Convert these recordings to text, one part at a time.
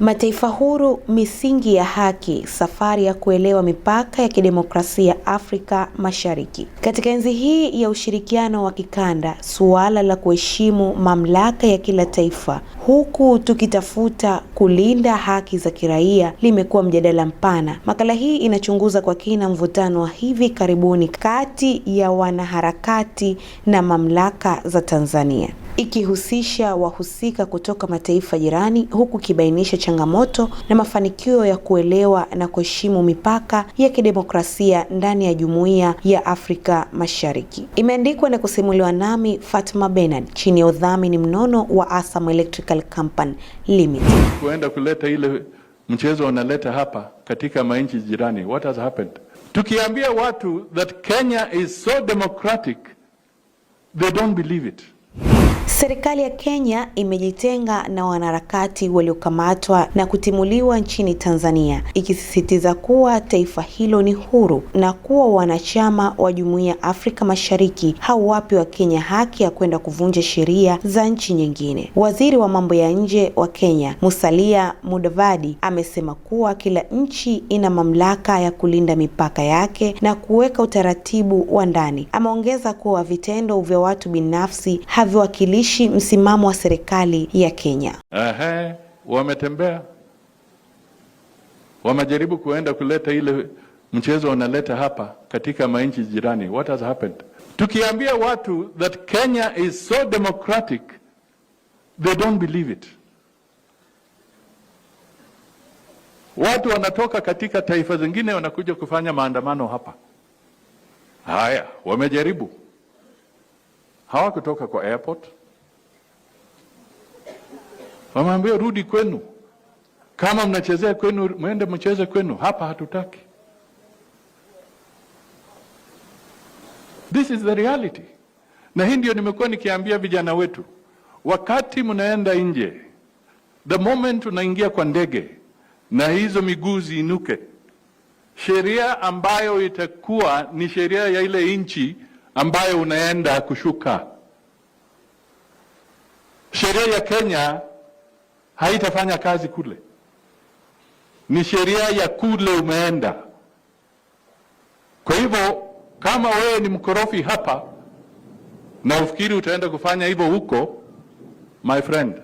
Mataifa Huru, Misingi ya Haki: Safari ya Kuelewa Mipaka ya Kidemokrasia Afrika Mashariki. Katika enzi hii ya ushirikiano wa kikanda, suala la kuheshimu mamlaka ya kila taifa huku tukitafuta kulinda haki za kiraia limekuwa mjadala mpana. Makala hii inachunguza kwa kina mvutano wa hivi karibuni kati ya wanaharakati na mamlaka za Tanzania ikihusisha wahusika kutoka mataifa jirani, huku ikibainisha changamoto na mafanikio ya kuelewa na kuheshimu mipaka ya kidemokrasia ndani ya Jumuiya ya Afrika Mashariki. Imeandikwa na kusimuliwa nami Fatma benard chini ya udhamini mnono wa Asam Electrical Company Limited. Kuenda kuleta ile mchezo wanaleta hapa katika manchi jirani. What has happened? Tukiambia watu that Kenya is so democratic, they don't believe it. Serikali ya Kenya imejitenga na wanaharakati waliokamatwa na kutimuliwa nchini Tanzania, ikisisitiza kuwa taifa hilo ni huru na kuwa wanachama wa Jumuiya Afrika Mashariki hauwapi wa kenya haki ya kwenda kuvunja sheria za nchi nyingine. Waziri wa mambo ya nje wa Kenya, Musalia Mudavadi, amesema kuwa kila nchi ina mamlaka ya kulinda mipaka yake na kuweka utaratibu wa ndani. Ameongeza kuwa vitendo vya watu binafsi haviwakili kuwasilisha msimamo wa serikali ya Kenya. Ehe, wametembea, wamejaribu kuenda kuleta ile mchezo wanaleta hapa katika manchi jirani. What has happened? Tukiambia watu that Kenya is so democratic they don't believe it. Watu wanatoka katika taifa zingine wanakuja kufanya maandamano hapa. Haya, wamejaribu, hawakutoka kwa airport wamwambia rudi kwenu, kama mnachezea kwenu mwende mcheze kwenu, hapa hatutaki. This is the reality, na hii ndio nimekuwa nikiambia vijana wetu, wakati mnaenda nje, the moment unaingia kwa ndege na hizo miguu ziinuke, sheria ambayo itakuwa ni sheria ya ile nchi ambayo unaenda kushuka, sheria ya Kenya haitafanya kazi kule. Ni sheria ya kule umeenda. Kwa hivyo kama wewe ni mkorofi hapa na ufikiri utaenda kufanya hivyo huko, my friend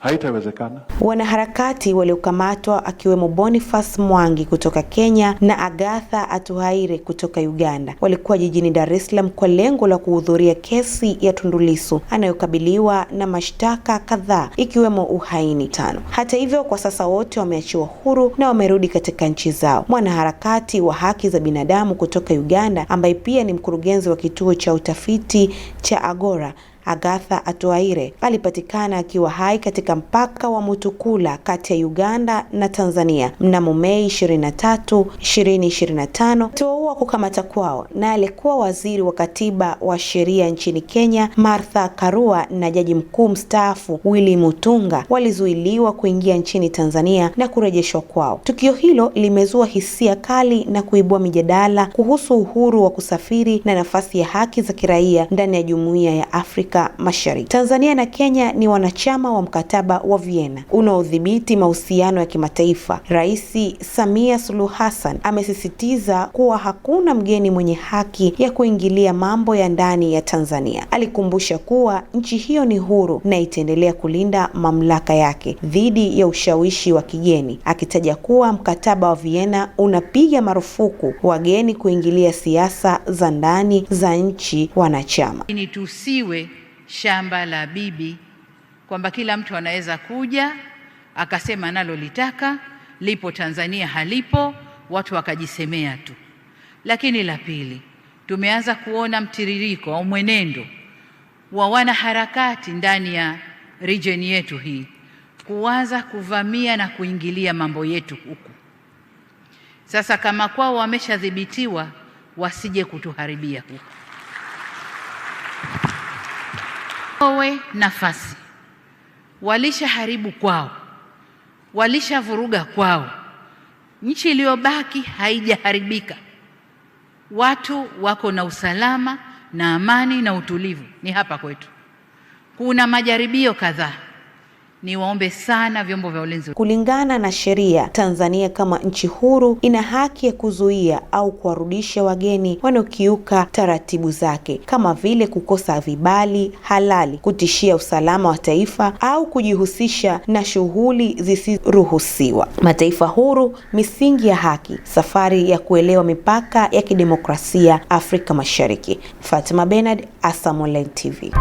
haitawezekana. Wanaharakati waliokamatwa akiwemo Boniface Mwangi kutoka Kenya na Agatha Atuhaire kutoka Uganda walikuwa jijini Dar es Salaam kwa lengo la kuhudhuria kesi ya Tundu Lissu anayokabiliwa na mashtaka kadhaa ikiwemo uhaini tano. Hata hivyo, kwa sasa wote wameachiwa huru na wamerudi katika nchi zao. Mwanaharakati wa haki za binadamu kutoka Uganda ambaye pia ni mkurugenzi wa kituo cha utafiti cha Agora Agatha atuaire alipatikana akiwa hai katika mpaka wa Mutukula kati ya Uganda na Tanzania mnamo Mei 23, 2025 toua kukamata kwao na alikuwa waziri wa katiba wa sheria nchini Kenya Martha Karua na jaji mkuu mstaafu Willy Mutunga walizuiliwa kuingia nchini Tanzania na kurejeshwa kwao. Tukio hilo limezua hisia kali na kuibua mijadala kuhusu uhuru wa kusafiri na nafasi ya haki za kiraia ndani ya Jumuiya ya Afrika Afrika Mashariki. Tanzania na Kenya ni wanachama wa mkataba wa Vienna unaodhibiti mahusiano ya kimataifa. Rais Samia Suluhu Hassan amesisitiza kuwa hakuna mgeni mwenye haki ya kuingilia mambo ya ndani ya Tanzania. Alikumbusha kuwa nchi hiyo ni huru na itaendelea kulinda mamlaka yake dhidi ya ushawishi wa kigeni, akitaja kuwa mkataba wa Vienna unapiga marufuku wageni kuingilia siasa za ndani za nchi wanachama. Tusiwe shamba la bibi, kwamba kila mtu anaweza kuja akasema litaka lipo Tanzania, halipo watu wakajisemea tu. Lakini la pili, tumeanza kuona mtiririko au mwenendo wa wanaharakati ndani ya region yetu hii kuanza kuvamia na kuingilia mambo yetu huku. Sasa kama kwao wameshadhibitiwa, wasije kutuharibia huku. Owe nafasi, walishaharibu kwao, walishavuruga kwao. Nchi iliyobaki haijaharibika, watu wako na usalama na amani na utulivu, ni hapa kwetu. Kuna majaribio kadhaa Niwaombe sana vyombo vya ulinzi. Kulingana na sheria, Tanzania kama nchi huru ina haki ya kuzuia au kuwarudisha wageni wanaokiuka taratibu zake kama vile kukosa vibali halali, kutishia usalama wa taifa au kujihusisha na shughuli zisizoruhusiwa. Mataifa huru, misingi ya haki, safari ya kuelewa mipaka ya kidemokrasia Afrika Mashariki. Fatima Bernard, Asam Online TV.